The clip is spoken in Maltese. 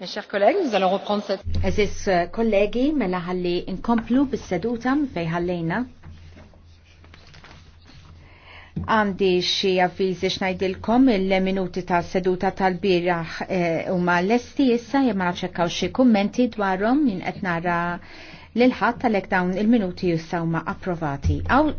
Mes chers collègues, nous allons reprendre cette... Aziz uh, kollegi, mela ħalli inkomplu bis-seduta fej ħallejna. Għandi xi avviżi xnajdilkom il-minuti ta' seduta tal-biraħ uh, huma ma' l-esti issa jemma xi xie dwarhom min qed nara l ħadd għalhekk dawn il-minuti jissa huma approvati. Aw